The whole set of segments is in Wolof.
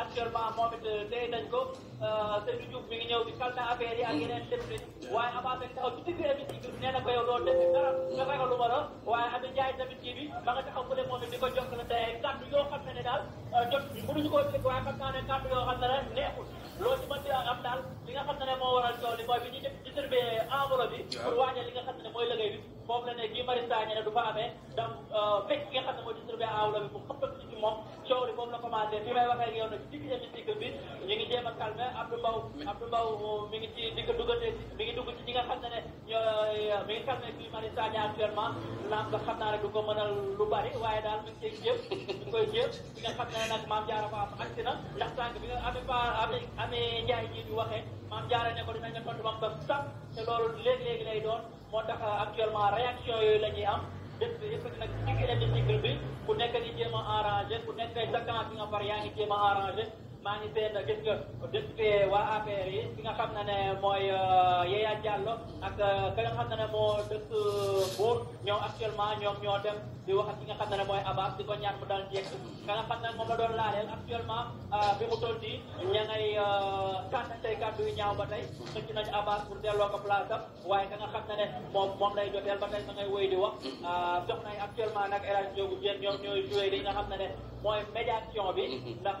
actuellement moom it euh, tey nañ ko euh, Seydou Diouf mi ngi ñëw di salta affaire yi ak yeneen député waaye Amath nag taxaw ci digg émission bi nee na ko yow doo def dara nga ragal lu ma la waaye Amy bi ba nga taxaw fële moom it di ko jox la tey kàddu yoo xam ne ne daal euh, jot mënuñu koo dégg waaye xam naa ne yoo xam ne rek loolu ci mën di am daal li nga xam ne moo waral coow mooy bi ñu distribué enveloppe bi pour waajal li nga xam ne mooy liggéey bi foofu la ne kii Mari ne du fa amee donc fekk nga xam ne mooy distribué enveloppe moom coow li moom la commencé fi may waxee ak yow nag digg hémicycle bi ñu ngi jéem a calmé Abdou Mbow Abdou Mbow mi ngi ci digg duggante mi ngi dugg ci ñi nga xam ne ne mi nga xam naa rek bu ko mënal lu bari waaye daal mi ngi ciy jéem mi ngi koy jéem bi nga xam ne nag maam a fa am agsi na ndax sànq bi nga amee pa amee amee njaay ji ñu waxee maam jaara ne ko dinañ la tontu bam ba sax te loolu léegi-léegi lay doon moo tax actuellement réaction yooyu la am കെട്ടക്കണക്കിന് പറയാൻ എനിക്ക് മഹാറാജ് maa ngi seen gis nga député waa APR yi ki nga xam na ne mooy euh, Yaya Diallo ak euh, ka nga xam ne moo dëkk euh, Mbour ñoom actuellement ñoom ñoo dem di wax ak ki nga xam ne ne mooy Abbas di ko ñaan mu daal jekk ka nga xam ne moom la doon laaleel actuellement yu ñaaw ba tey xëcc nañu pour delloo ko place waaye ka nga xam ne ne moom moom lay joteel ba tey ma ngay wéy di wax jox nañ actuellement nag El Hadj Ndiogou Diène ñoom ñooy joué li nga xam ne ne mooy médiation bi mm-hmm. ndax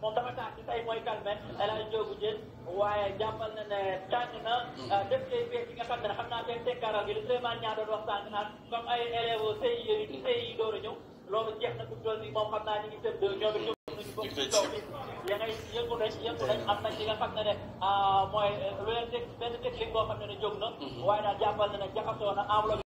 moom dafa tànn ci tey mooy Calmet El Hadj Ndiogou Diène waaye jàppal na ne tànn na euh, def les bees yi nga xam ne naa seen tekkaaral gi li Souleymane Niang doon wax sànq naan comme ay élèves CI yi CI yi door a ñëw loolu jeex na bu toll nii moom xam naa ñu ngi tëdd ñoom nga xam ne ne euh, mooy euh, lu leen benn technique boo xam ne ne jóg na mm-hmm. waaye daal jàppal na ne jaxasoo na enveloppe